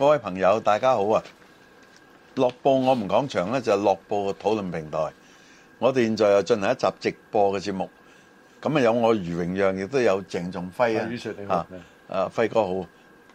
各位朋友，大家好啊！樂報我們講場咧就係樂報嘅討論平台。我哋現在又進行一集直播嘅節目。咁啊，有我余榮讓，亦都有鄭仲輝啊。啊，啊，啊、輝哥好，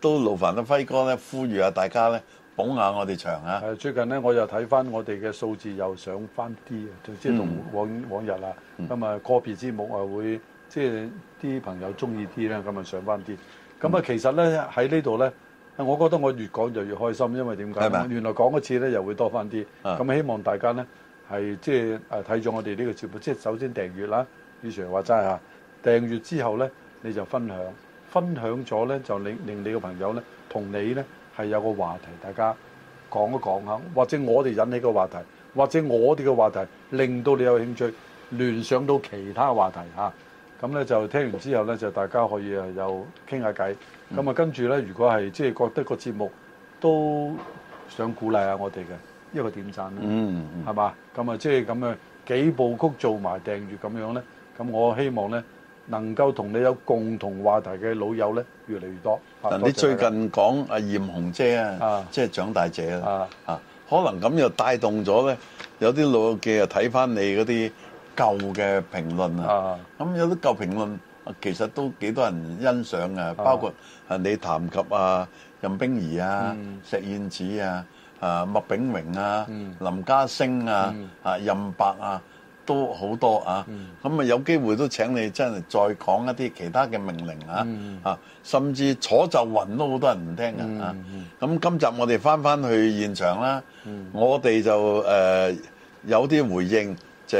都勞煩得輝哥咧，呼籲下、啊、大家咧，捧下我哋場啊！最近咧，我又睇翻我哋嘅數字又上翻啲，即係同往往日啦咁啊，個別節目啊會即係啲朋友中意啲呢。咁啊上翻啲。咁啊，其實咧喺呢度咧。我覺得我越講就越，越開心，因為點解？原來講一次咧，又會多翻啲。咁希望大家呢係即係誒睇咗我哋呢個節目，即係首先訂閱啦。你常話齋啊，訂閱之後呢，你就分享，分享咗呢就令令你嘅朋友呢同你呢係有個話題，大家講一講啊，或者我哋引起個話題，或者我哋嘅話題令到你有興趣聯想到其他話題嚇。咁咧就聽完之後咧，就大家可以啊又傾下偈。咁啊跟住咧，如果係即係覺得個節目都想鼓勵下我哋嘅，一個點贊啦，嗯，係嘛？咁啊即係咁樣幾部曲做埋訂閱咁樣咧，咁我希望咧能夠同你有共同話題嘅老友咧越嚟越多。嗱，你最近講阿艷紅姐啊，即係長大姐啦，啊，可能咁又帶動咗咧，有啲老友記啊睇翻你嗰啲，舊嘅評論啊，咁有啲舊評論其實都幾多人欣賞啊，包括啊你談及啊任冰兒啊、石燕子啊、啊麥炳榮啊、林家聲啊、啊任白啊，都好多啊。咁啊有機會都請你真係再講一啲其他嘅名伶啊，啊甚至楚岫雲都好多人唔聽嘅啊。咁今集我哋返返去現場啦，我哋就誒有啲回應就。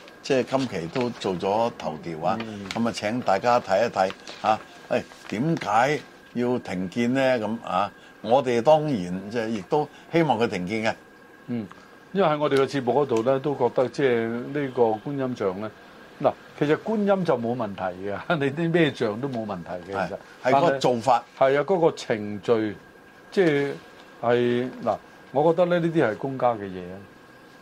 即係今期都做咗頭條啊，咁啊、嗯、請大家睇一睇嚇，誒點解要停建咧？咁啊，我哋當然即係亦都希望佢停建嘅。嗯，因為喺我哋嘅節目嗰度咧，都覺得即係呢個觀音像咧。嗱，其實觀音就冇問題嘅，你啲咩像都冇問題嘅。其實係個做法是，係啊，嗰個程序，即係係嗱，我覺得咧呢啲係公家嘅嘢。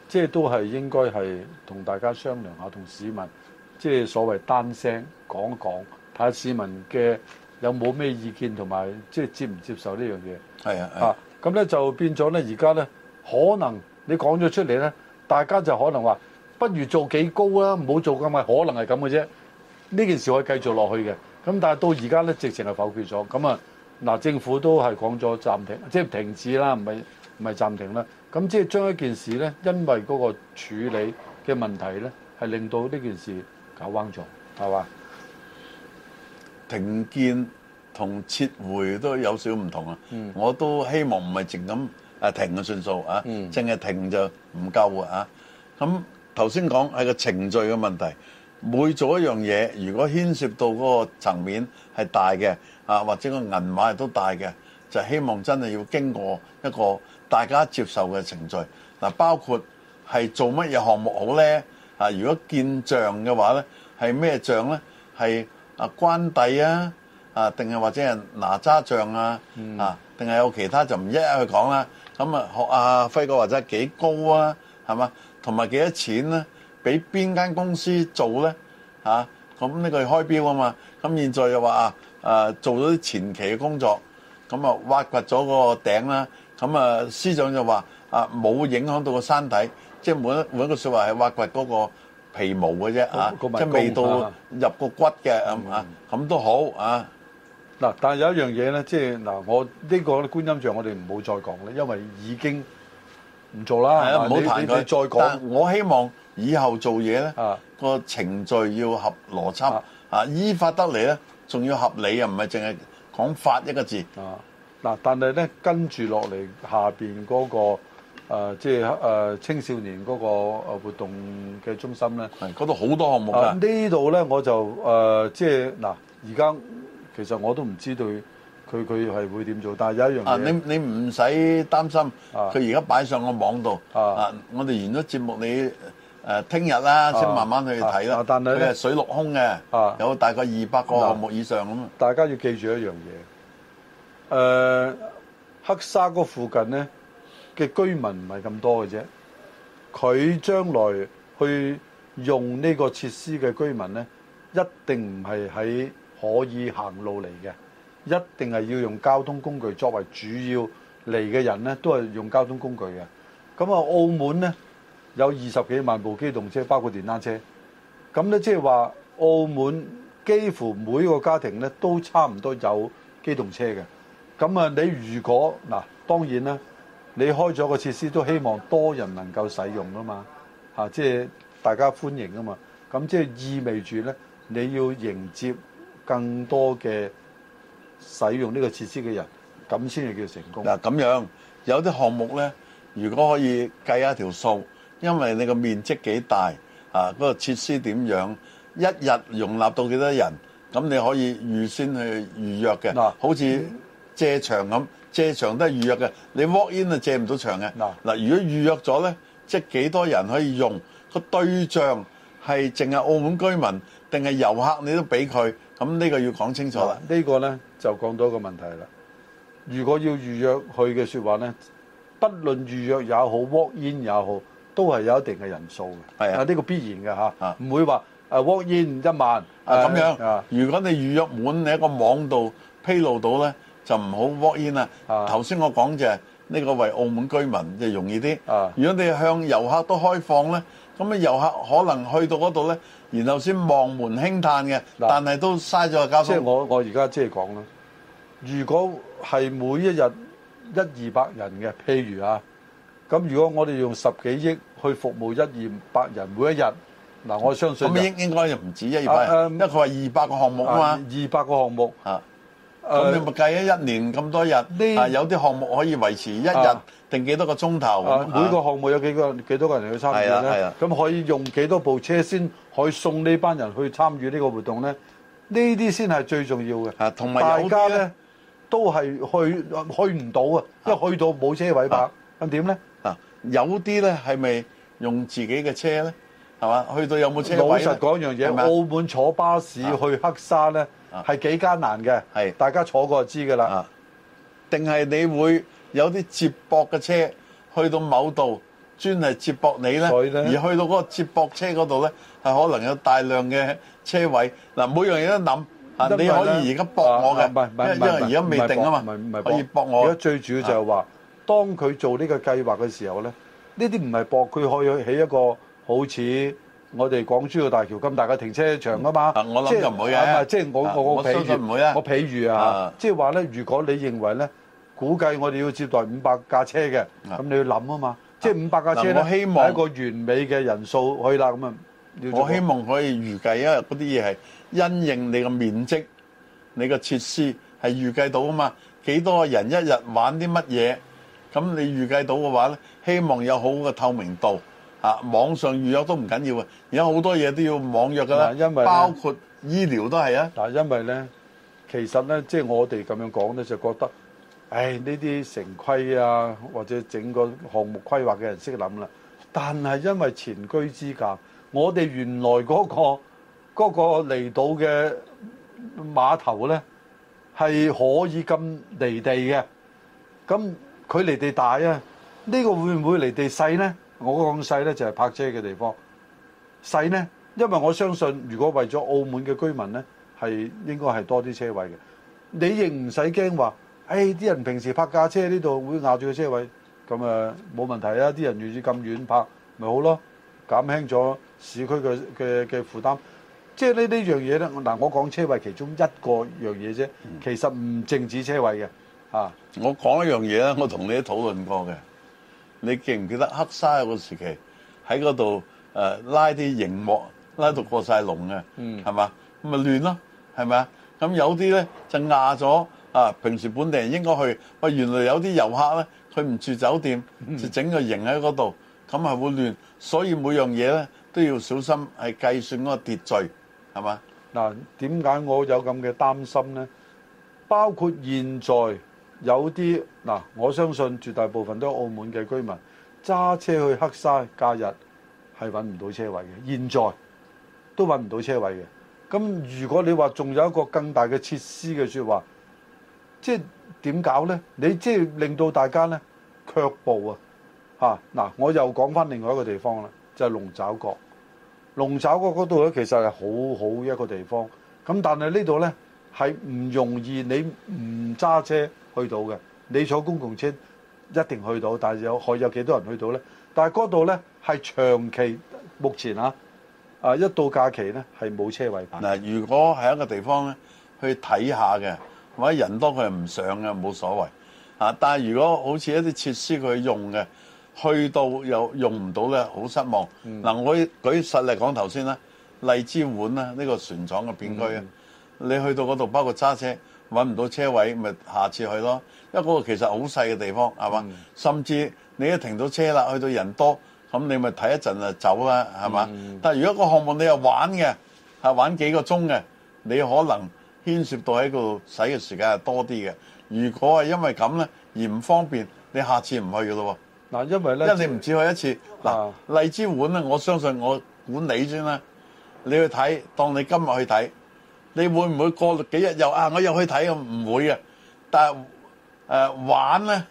即係都係應該係同大家商量下，同市民即係所謂單聲講一講，睇下市民嘅有冇咩意見同埋即係接唔接受呢樣嘢。係啊，啊咁咧就變咗咧，而家咧可能你講咗出嚟咧，大家就可能話不如做幾高啦，唔好做咁咪，可能係咁嘅啫。呢件事可以繼續落去嘅。咁但係到而家咧，直情係否決咗。咁啊嗱，政府都係講咗暫停，即係停止啦，唔係。唔係暫停啦，咁即係將一件事咧，因為嗰個處理嘅問題咧，係令到呢件事搞彎咗，係嘛？停建同撤回都有少少唔同啊。我都希望唔係淨咁啊停嘅算數啊，淨係停就唔夠啊。咁頭先講係個程序嘅問題，每做一樣嘢，如果牽涉到嗰個層面係大嘅啊，或者個銀碼都大嘅，就希望真係要經過一個大家接受嘅程序嗱，包括係做乜嘢項目好咧？啊，如果建像嘅話咧，係咩像咧？係啊，關帝啊，啊定係或者係哪吒像啊？嗯、啊，定係有其他就唔一一去講啦。咁啊，學阿輝哥或者幾幾高啊？係嘛，同埋幾多錢咧？俾邊間公司做咧？咁、啊、呢個開標啊嘛。咁、啊、現在又話啊，做咗啲前期嘅工作，咁啊挖掘咗個頂啦。咁啊，司長就話啊，冇影響到個山體，即係每一每一個說話係挖掘嗰個皮毛嘅啫啊，那個、即係未到入個骨嘅，係嘛、啊，咁、嗯啊、都好啊。嗱，但係有一樣嘢咧，即係嗱，我呢、這個觀音像我哋唔好再講咧，因為已經唔做啦，係啊，唔好彈佢。再講，但我希望以後做嘢咧，啊、個程序要合邏輯啊，啊，依法得嚟咧，仲要合理啊，唔係淨係講法一個字。啊嗱，但係咧跟住落嚟下面嗰、那個、呃、即係誒、呃、青少年嗰個活動嘅中心咧，嗰度好多項目㗎。啊、呢度咧我就誒、呃、即係嗱，而、啊、家其實我都唔知道佢佢係會點做，但係有一樣嘢，你你唔使擔心，佢而家擺上個網度啊！啊我哋完咗節目，你誒聽日啦，先慢慢去睇啦、啊啊啊。但係咧，水陸空嘅，啊、有大概二百個項目以上咁、啊。大家要記住一樣嘢。誒、呃、黑沙嗰附近呢嘅居民唔係咁多嘅啫，佢將來去用呢個設施嘅居民呢，一定唔係喺可以行路嚟嘅，一定係要用交通工具作為主要嚟嘅人呢都係用交通工具嘅。咁啊，澳門呢有二十幾萬部機動車，包括電單車。咁呢即係話澳門幾乎每一個家庭呢都差唔多有機動車嘅。咁啊！你如果嗱，當然啦，你開咗個設施都希望多人能夠使用啊嘛，嚇，即係大家歡迎啊嘛。咁即係意味住咧，你要迎接更多嘅使用呢個設施嘅人，咁先係叫成功嗱。咁樣有啲項目咧，如果可以計一條數，因為你個面積幾大啊，嗰個設施點樣，一日容納到幾多人，咁你可以預先去預約嘅，嗱，好似。借場咁，借場都係預約嘅，你 walk in 就借唔到場嘅。嗱嗱、啊，如果預約咗咧，即係幾多人可以用，個對象係淨係澳門居民定係遊客？你都俾佢咁，呢個要講清楚啦。啊這個、呢個咧就講到一個問題啦。如果要預約去嘅説話咧，不論預約也好，walk in 也好，都係有一定嘅人數嘅。係啊，呢、啊這個必然嘅嚇，唔、啊啊、會話誒 walk in 一萬啊咁、啊啊、樣。如果你預約滿，你喺個網度披露到咧。就唔好 walk in 啦。頭先、啊、我講就係呢個為澳門居民就容易啲。啊、如果你向遊客都開放咧，咁啊遊客可能去到嗰度咧，然後先望門輕嘆嘅。啊、但係都嘥咗個交通。即係我我而家即係講啦，如果係每一日一二百人嘅，譬如啊，咁如果我哋用十幾億去服務一二百人每一日，嗱、啊，我相信咁、就、應、是、應該又唔止一二百人，因為佢話二百個項目啊嘛，二百、啊、個項目、啊咁你咪計咗一年咁多日，啊有啲項目可以維持一日定幾多個鐘頭？每個項目有幾個、幾多個人去參與咧？咁可以用幾多部車先可以送呢班人去參與呢個活動咧？呢啲先係最重要嘅。啊，同埋大家咧都係去去唔到啊，因為去到冇車位泊，咁點咧？啊，有啲咧係咪用自己嘅車咧？係嘛，去到有冇車位？老實講一樣嘢，澳門坐巴士去黑沙咧。係幾艱難嘅，係、係大家坐過就知㗎啦、啊。定係你會有啲接駁嘅車去到某度，專係接駁你咧。呢而去到嗰個接駁車嗰度咧，係可能有大量嘅車位。嗱、啊，每樣嘢都諗。你可以而家駁我嘅，啊、因為而家未定啊嘛。可以駁我嘅。而家最主要就係話，啊、當佢做呢個計劃嘅時候咧，呢啲唔係駁佢，佢可以起一個好似。我哋港珠澳大橋咁大嘅停車場嘛啊嘛，我諗就唔會呀，即係我我我呀。我譬如啊，即係話咧，如果你認為咧，估計我哋要接待五百架車嘅，咁你要諗啊嘛，即係五百架車我希望一個完美嘅人數去啦，咁啊，我希望可以預計啊，嗰啲嘢係因應你嘅面積、你嘅設施係預計到啊嘛，幾多人一日玩啲乜嘢，咁你預計到嘅話咧，希望有好嘅透明度。啊！網上預約都唔緊要啊，而家好多嘢都要網約噶啦，因為包括醫療都係啊。但係，因為咧，其實咧，即係我哋咁樣講咧，就覺得，唉，呢啲城規啊，或者整個項目規劃嘅人識諗啦。但係因為前車之鑑，我哋原來嗰個嗰個離島嘅碼頭咧，係可以咁離地嘅，咁佢離地大啊，呢個會唔會離地細咧？我講細呢，就係泊車嘅地方細呢。因為我相信如果為咗澳門嘅居民呢，係應該係多啲車位嘅。你亦唔使驚話，誒啲人平時泊架車呢度會壓住個車位，咁誒冇問題啊，啲人願意咁遠泊，咪好咯，減輕咗市區嘅嘅嘅負擔。即係呢呢樣嘢呢。嗱我講車位其中一個樣嘢啫，其實唔淨止車位嘅，嗯啊、我講一樣嘢呢，我同你討論過嘅。你記唔記得黑沙嗰個時期喺嗰度誒拉啲營幕拉到過曬龍嘅，嗯，係嘛？咁咪亂咯，係咪啊？咁有啲咧就壓咗啊！平時本地人應該去，喂，原來有啲遊客咧，佢唔住酒店，就整個營喺嗰度，咁係會亂。所以每樣嘢咧都要小心，係計算嗰個秩序，係嘛？嗱，點解我有咁嘅擔心咧？包括現在。有啲嗱，我相信絕大部分都係澳門嘅居民揸車去黑沙假日係揾唔到車位嘅，現在都揾唔到車位嘅。咁如果你話仲有一個更大嘅設施嘅說話，即係點搞呢？你即係令到大家呢卻步啊！吓嗱，我又講翻另外一個地方啦，就係龍爪角。龍爪角嗰度咧，其實係好好一個地方。咁但係呢度呢，係唔容易，你唔揸車。去到嘅，你坐公共車一定去到，但係有可有幾多人去到呢？但係嗰度呢，係長期目前啊，啊一到假期呢，係冇車位。嗱，如果係一個地方咧，去睇下嘅，或者人多佢唔上嘅冇所謂啊。但係如果好似一啲設施佢用嘅，去到又用唔到呢，好失望。嗱、嗯啊，我舉實例講頭先啦，荔枝碗啦，呢、呢個船廠嘅片區，啊、嗯，你去到嗰度包括揸車。揾唔到車位，咪下次去咯。因為嗰個其實好細嘅地方，係嘛？嗯、甚至你一停到車啦，去到人多，咁你咪睇一陣就走啦，係嘛？嗯、但如果個項目你又玩嘅，係玩幾個鐘嘅，你可能牽涉到喺嗰度使嘅時間係多啲嘅。如果係因為咁咧而唔方便，你下次唔去嘅咯。嗱，因為咧，因為你唔只去一次。嗱，啊、荔枝碗咧，我相信我管理先啦。你去睇，當你今日去睇。你會唔會過幾日又啊？我又去睇啊？唔會嘅，但係誒玩咧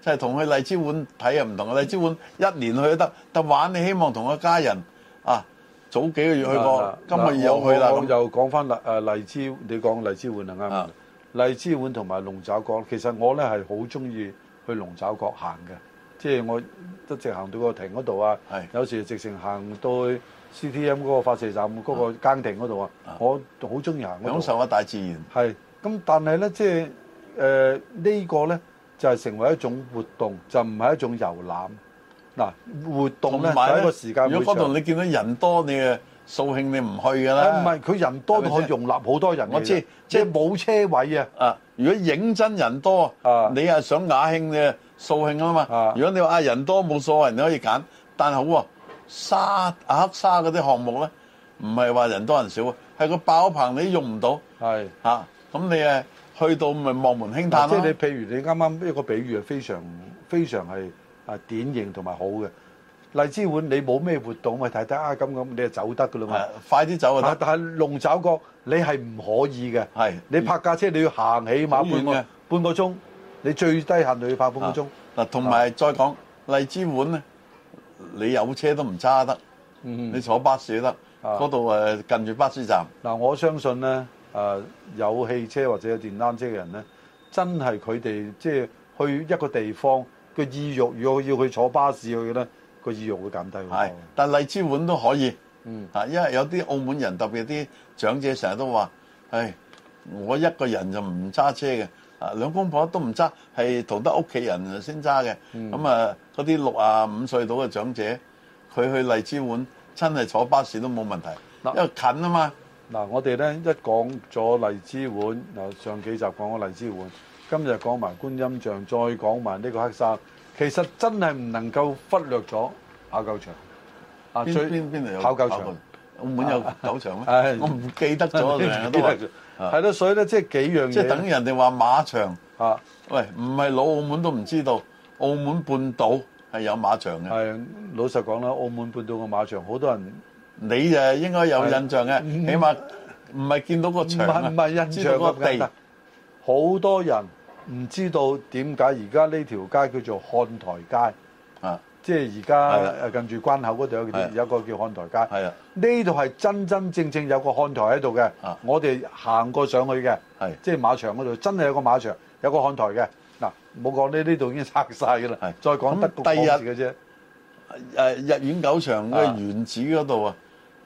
就係同去荔枝碗睇又唔同嘅。荔枝碗一年去都得，但玩你希望同佢家人啊，早幾個月去過，今個月又去啦。咁又講翻荔、誒荔枝，你講荔枝碗啊啱。荔枝碗同埋龍爪角，其實我咧係好中意去龍爪角行嘅，即係我一直行到個亭嗰度啊。有時直情行到去。C T M 嗰個發射站嗰個更亭嗰度啊，我好中意行，享受下大自然。係，咁但係咧，即係誒呢個咧就係成為一種活動，就唔係一種遊覽。嗱，活動咧就一個時間。如果嗰度你見到人多，你嘅掃興，你唔去㗎啦。唔係，佢人多都可以容納好多人。我知，即係冇車位啊。啊，如果認真人多，你係想雅興嘅掃興啊嘛。如果你話啊人多冇所謂，你可以揀。但係好喎。沙黑沙嗰啲項目咧，唔係話人多人少啊，係個爆棚你用唔到，係嚇咁是、啊、你誒去到咪望門興歎，那即係你譬如你啱啱一個比喻係非常非常係啊典型同埋好嘅。荔枝碗你冇咩活動咪睇睇啊咁咁，你就走得噶啦嘛，快啲走啊。但係龍爪角你係唔可以嘅，係的你拍架車你要行起碼半個半個鐘，你最低限度要拍半個鐘。嗱，同、啊、埋再講、啊、荔枝碗咧。你有車都唔揸得，嗯、你坐巴士得，嗰度誒近住巴士站。嗱、啊，我相信咧，誒有汽車或者有電單車嘅人咧，真係佢哋即係去一個地方個意欲，如果要去坐巴士去咧，個意欲會減低。係，但荔枝碗都可以。嗯，啊，因為有啲澳門人特別啲長者成日都話，唉，我一個人就唔揸車嘅。啊，兩公婆都唔揸，係同得屋企人先揸嘅。咁啊，嗰啲六十五歲到嘅長者，佢去荔枝碗真係坐巴士都冇問題，因為近啊嘛。嗱，我哋咧一講咗荔枝碗，嗱，上幾集講咗荔枝碗，今日講埋觀音像，再講埋呢個黑沙，其實真係唔能夠忽略咗跑狗場。邊邊邊度有跑狗場，澳門有狗場咩？我唔記得咗，成日都。係咯，是所以咧即係幾樣嘢。即係等於人哋話馬場是的 喂，唔係老澳門都唔知道，澳門半島係有馬場嘅。係，老實講啦，澳門半島個馬場好多人，你誒應該有印象嘅，是的 起碼唔係見到個場，唔係不 印象個地，好多人唔知道點解而家呢條街叫做漢台街啊。即係而家近住關口嗰度有有個叫看台街，呢度係真真正正有個看台喺度嘅。我哋行過上去嘅，即係馬場嗰度真係有個馬場，有個看台嘅。嗱，冇講呢呢度已經拆晒㗎啦。再講第日嘅啫。誒，日苑狗場嘅原址嗰度啊，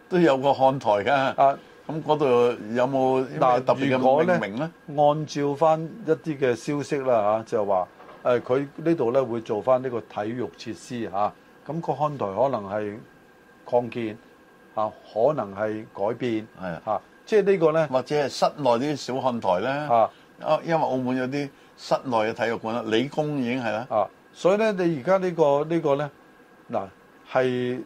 都有個看台㗎。啊，咁嗰度有冇特別嘅命名咧？按照翻一啲嘅消息啦嚇，就話。誒佢、啊、呢度咧會做翻呢個體育設施嚇，咁、啊那個看台可能係擴建啊可能係改變的啊，即係呢個咧，或者係室內啲小看台咧的啊，因為澳門有啲室內嘅體育館啦，理工已經係啦、啊，所以咧你而家呢個呢個咧嗱係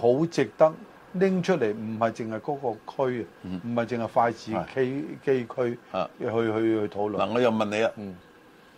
好值得拎出嚟，唔係淨係嗰個區，唔係淨係筷子基基區啊的，去去去討論嗱、啊，我又問你啊。嗯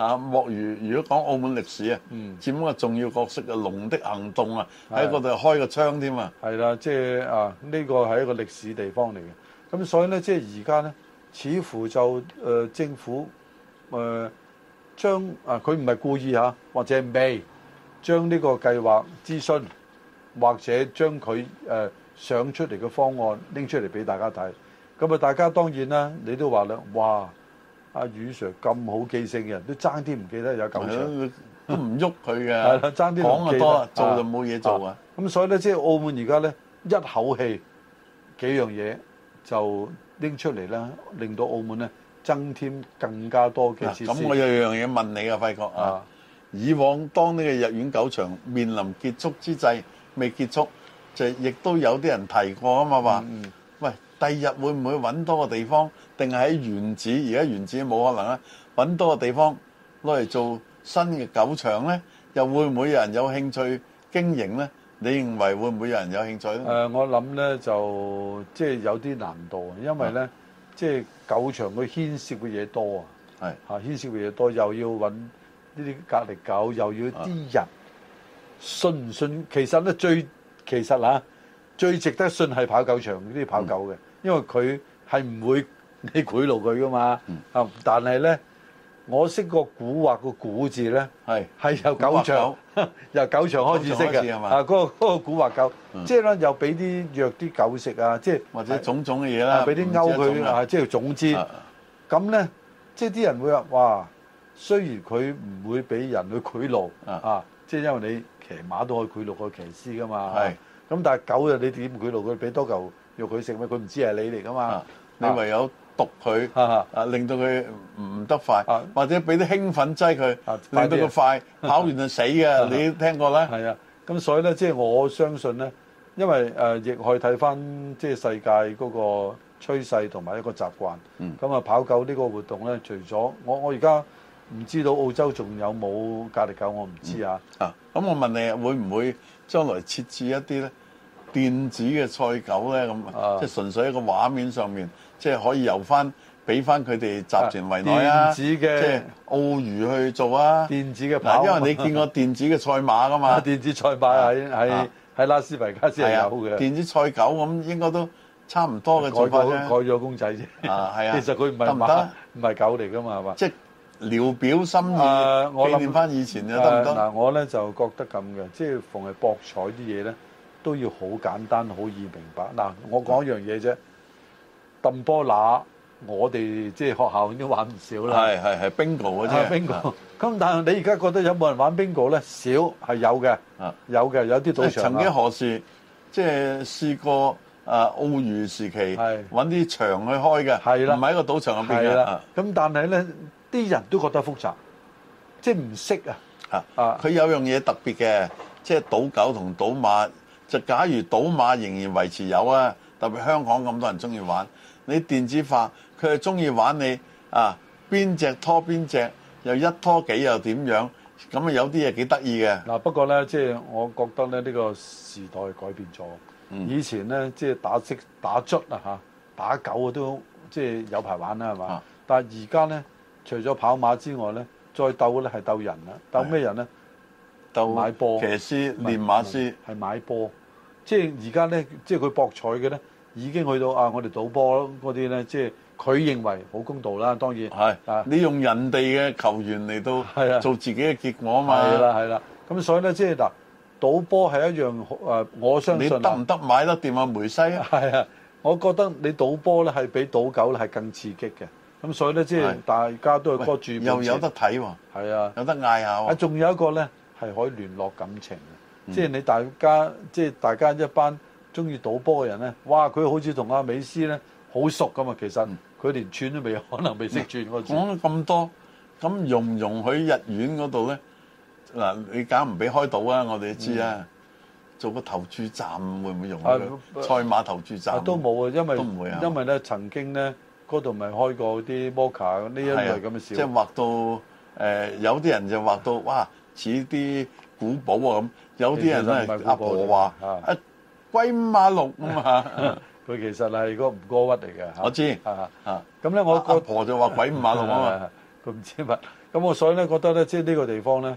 啊，莫如如果講澳門歷史啊，佔個、嗯、重要角色嘅《龍的行動》啊的，喺嗰度開個窗添、就是、啊！係啦，即係啊，呢個係一個歷史地方嚟嘅。咁所以呢，即係而家呢，似乎就誒、呃、政府誒、呃、將啊，佢唔係故意嚇、啊，或者未將呢個計劃諮詢，或者將佢誒想出嚟嘅方案拎出嚟俾大家睇。咁啊，大家當然啦，你都話啦，哇！阿宇、啊、sir 咁好記性嘅，都爭啲唔記得有九場， 都唔喐佢嘅。係啦，爭啲講就多，啊、做就冇嘢做啊。咁、啊、所以咧，即係澳門而家咧，一口氣幾樣嘢就拎出嚟啦，令到澳門咧增添更加多嘅。咁、啊、我有樣嘢問你啊，輝哥啊。啊以往當呢個日院九場面臨結束之際，未結束就亦都有啲人提過啊嘛話。第二日會唔會揾多個地方，定係喺原址？而家原址冇可能呀，揾多個地方攞嚟做新嘅狗場呢，又會唔會有人有興趣經營呢？你認為會唔會有人有興趣呢？誒，我諗呢就即係有啲難度，因為呢即係狗場佢牽涉嘅嘢多啊，係啊牽涉嘅嘢多，又要揾呢啲隔離狗，又要啲人信唔信？其實呢最其實呀最值得信係跑狗場呢啲跑狗嘅。因為佢係唔會你賄賂佢噶嘛，啊！但係咧，我識個古惑個古字咧，係係由九場由九場開始識嘅。啊，嗰個嗰個古惑狗，即係咧又俾啲藥啲狗食啊！即係或者種種嘅嘢啦，俾啲勾佢啊！即係總之，咁咧即係啲人會話：，哇！雖然佢唔會俾人去賄賂，啊，即係因為你騎馬都可以賄賂個騎師噶嘛。咁但係狗啊，你點賄賂佢？俾多嚿。要佢食咩？佢唔知係你嚟噶嘛？啊、你唯有毒佢，啊令到佢唔得快，啊、或者俾啲興奮劑佢，啊、到快到佢快跑完就死嘅。啊、你聽過啦？係啊，咁所以咧，即係我相信咧，因為誒亦可以睇翻即係世界嗰個趨勢同埋一個習慣。咁啊、嗯，跑狗呢個活動咧，除咗我我而家唔知道澳洲仲有冇格力狗，我唔知啊、嗯。啊，咁我問你，會唔會將來設置一啲咧？電子嘅賽狗咧咁，即係純粹一個畫面上面，即係可以由翻，俾翻佢哋集團為內啊！即係澳娛去做啊！電子嘅牌，因為你見過電子嘅賽馬噶嘛？電子賽馬喺喺喺拉斯維加斯係有嘅。電子賽狗咁應該都差唔多嘅做法，啫。改咗改咗公仔啫，啊，係啊，其實佢唔係馬，唔係狗嚟噶嘛，係嘛？即係聊表心意，紀念翻以前啊，得唔得？嗱，我咧就覺得咁嘅，即係逢係博彩啲嘢咧。都要好簡單、好易明白。嗱，我講一樣嘢啫，鄧波拿，我哋即係學校已經玩唔少啦。係係係 bingo 嘅啫 bingo，咁但係你而家覺得有冇人玩 bingo 咧？少係有嘅，有嘅，有啲賭場。曾幾何時即係試過啊澳娛時期揾啲場去開嘅，唔係一個賭場入邊嘅。咁但係咧，啲人都覺得複雜，即係唔識啊。啊啊！佢有樣嘢特別嘅，即係賭狗同賭馬。就假如賭馬仍然維持有啊，特別香港咁多人中意玩，你電子化佢係中意玩你啊，邊隻拖邊隻又一拖幾又點樣,樣、啊？咁啊有啲嘢幾得意嘅。嗱不過呢，即、就、係、是、我覺得呢呢、呢個時代改變咗。以前呢，即係打積打卒啊打狗都即係有排玩啦係嘛？但係而家呢，除咗跑馬之外呢，再鬥呢係鬥人啦。鬥咩人呢？鬥士買波騎師、練、就是、馬師係買波。即係而家咧，即係佢博彩嘅咧，已經去到啊！我哋賭波咯，嗰啲咧，即係佢認為好公道啦。當然係啊，你用人哋嘅球員嚟到做自己嘅結果啊嘛。係啦、啊，係啦、啊。咁、啊、所以咧，即係嗱、啊，賭波係一樣、啊、我相信你得唔得買得掂啊？梅西係啊，啊，我覺得你賭波咧係比賭狗咧係更刺激嘅。咁所以咧，即係、啊、大家都係關注又有得睇喎，係啊，啊有得嗌下啊，仲、啊、有一個咧係可以聯絡感情。嗯、即係你大家，即係大家一班中意賭波嘅人咧，哇！佢好似同阿美斯咧好熟咁啊，其實佢連串都未可能未識串。講咗咁多，咁容唔容許逸園嗰度咧？嗱、啊，你梗唔俾開賭啊！我哋知啊。嗯、做個投注站會唔會容許？啊、賽馬投注站、啊、都冇啊，因為都唔會因為咧嗎曾經咧嗰度咪開過啲摩卡呢一 oka,、啊、即係畫到、呃、有啲人就畫到哇，似啲。古堡啊咁，有啲人咧咪阿婆話啊，鬼五、啊、馬六啊嘛，佢、啊、 其實係個唔歌屈嚟嘅。我知啊，咁咧、啊、我阿婆就話鬼五馬六啊嘛，佢唔、啊、知乜。咁、啊、我所以咧覺得咧，即係呢個地方咧，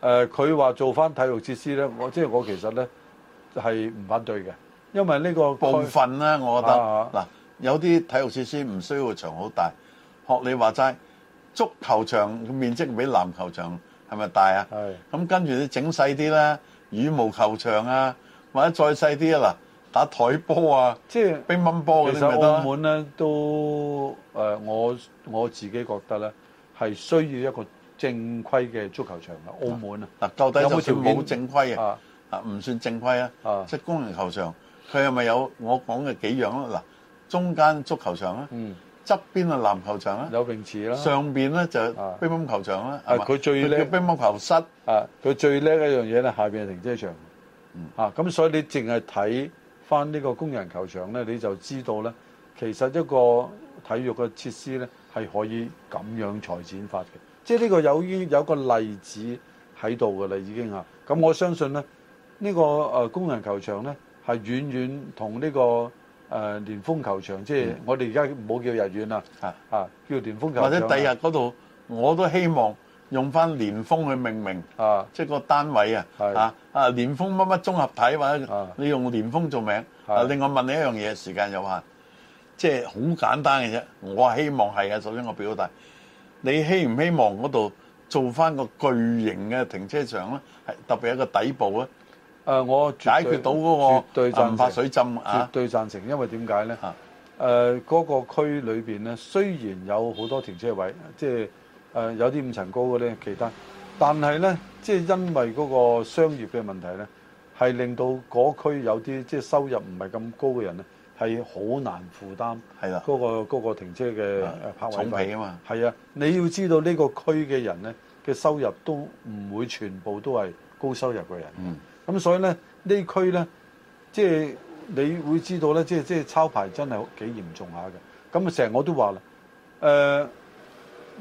誒佢話做翻體育設施咧，我即係我其實咧係唔反對嘅，因為呢、呢個部分啦，我覺得嗱，啊啊、有啲體育設施唔需要個場好大。學你話齋，足球場嘅面積比籃球場。係咪大啊？咁是的、嗯、跟住你整細啲咧，羽毛球場啊，或者再細啲啊嗱，打枱波啊，即乒乓波，其實澳門咧、啊、都、呃、我我自己覺得咧係需要一個正規嘅足球場澳門啊，嗱到底就冇正規啊，啊唔、啊啊、算正規啊，啊即工人球場，佢係咪有我講嘅幾樣啊？嗱、啊，中間足球場啊。嗯側邊啊，籃球場啊，有泳池啦。上邊咧就乒乓球場啦。啊，佢最叻乒乓球室。啊，佢最叻一樣嘢咧，下邊係停車場。嗯，嚇、啊，咁所以你淨係睇翻呢個工人球場咧，你就知道咧，其實一個體育嘅設施咧係可以咁樣財產法嘅。即係呢個由於有個例子喺度㗎啦，已經啊。咁我相信咧，呢個誒工人球場咧係遠遠同呢個。誒連峰球場，即係我哋而家唔好叫日苑啦，啊啊叫連峰球場。或者第日嗰度，我都希望用翻連峰去命名，啊，即係個單位啊，啊啊連峰乜乜綜合體或者你用連峰做名。啊，另外問你一樣嘢，時間有限，即係好簡單嘅啫。我係希望係啊，首先我表達，你希唔希望嗰度做翻個巨型嘅停車場咧？係特別一個底部咧？誒，我解決到嗰個對淡水浸，絕對贊成。啊、因為點解咧？誒、啊，嗰、啊嗰個區裏面咧，雖然有好多停車位，即係誒有啲五層高嘅其他，但係咧，即、就、係、是、因為嗰個商業嘅問題咧，係令到嗰區有啲即係收入唔係咁高嘅人咧，係好難負擔、那個。係啦的，嗰個停車嘅誒泊位費重皮啊嘛。係啊，你要知道呢個區嘅人咧嘅收入都唔會全部都係高收入嘅人。嗯。咁所以咧，區呢區咧，即係你會知道咧，即係即係抄牌真係幾嚴重下嘅。咁啊，成日我都話啦，誒，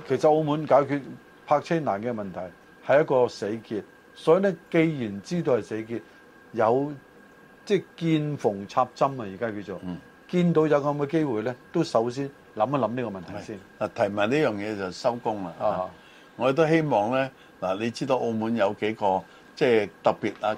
其實澳門解決泊車難嘅問題係一個死結。所以咧，既然知道係死結，有即係見縫插針啊！而家叫做，嗯、見到有咁嘅機會咧，都首先諗一諗呢個問題先。提埋呢樣嘢就收工啦。啊，我亦都希望咧，嗱，你知道澳門有幾個即係特別啊？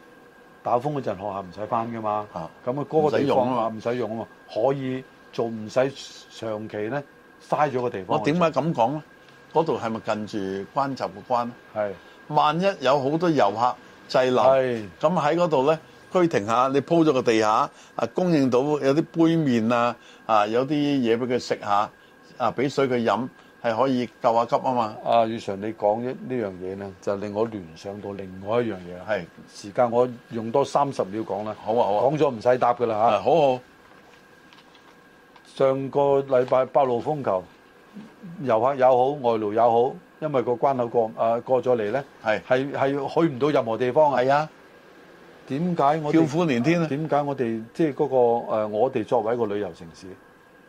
打風嗰陣，學校唔使返㗎嘛，咁啊嗰個地方用嘛，唔使、啊、用啊嘛，可以做唔使長期咧嘥咗個地方。我點解咁講咧？嗰度係咪近住關閘嘅關？係是，萬一有好多遊客滯留，咁喺嗰度咧居停下，你鋪咗個地下，啊供應到有啲杯麵啊，啊有啲嘢俾佢食下，啊俾水佢飲。係可以救下急嘛啊嘛！阿以常，你講呢呢樣嘢呢，就是、令我聯想到另外一樣嘢。係是的 時間，我用多三十秒講啦、啊啊。好啊，好啊。講咗唔使答㗎啦嚇。好。上個禮拜八路風球，遊客又好，外勞又好，因為個關口過誒咗嚟呢，係、啊、係的去唔到任何地方。係啊。點解的我？叫苦連天呢啊！點解我哋即係嗰個、呃、我哋作為一個旅遊城市。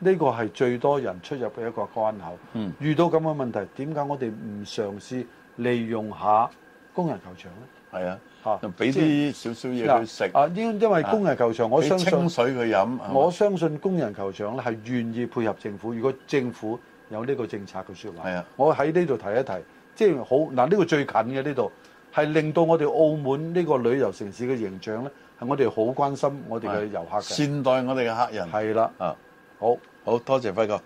呢個係最多人出入嘅一個關口，嗯、遇到咁嘅問題，點解我哋唔嘗試利用下工人球場呢？係啊，就俾啲少少嘢佢食。啊，因、啊、因為工人球場，啊、我相信俾清水佢飲。我相信工人球場咧係願意配合政府。如果政府有呢個政策嘅説話，係啊，我喺呢度提一提，即係好嗱，呢、啊呢個最近嘅呢度係令到我哋澳門呢個旅遊城市嘅形象呢，係我哋好關心我哋嘅遊客嘅、啊、善待我哋嘅客人。係啦、啊，啊好。好多謝輝哥。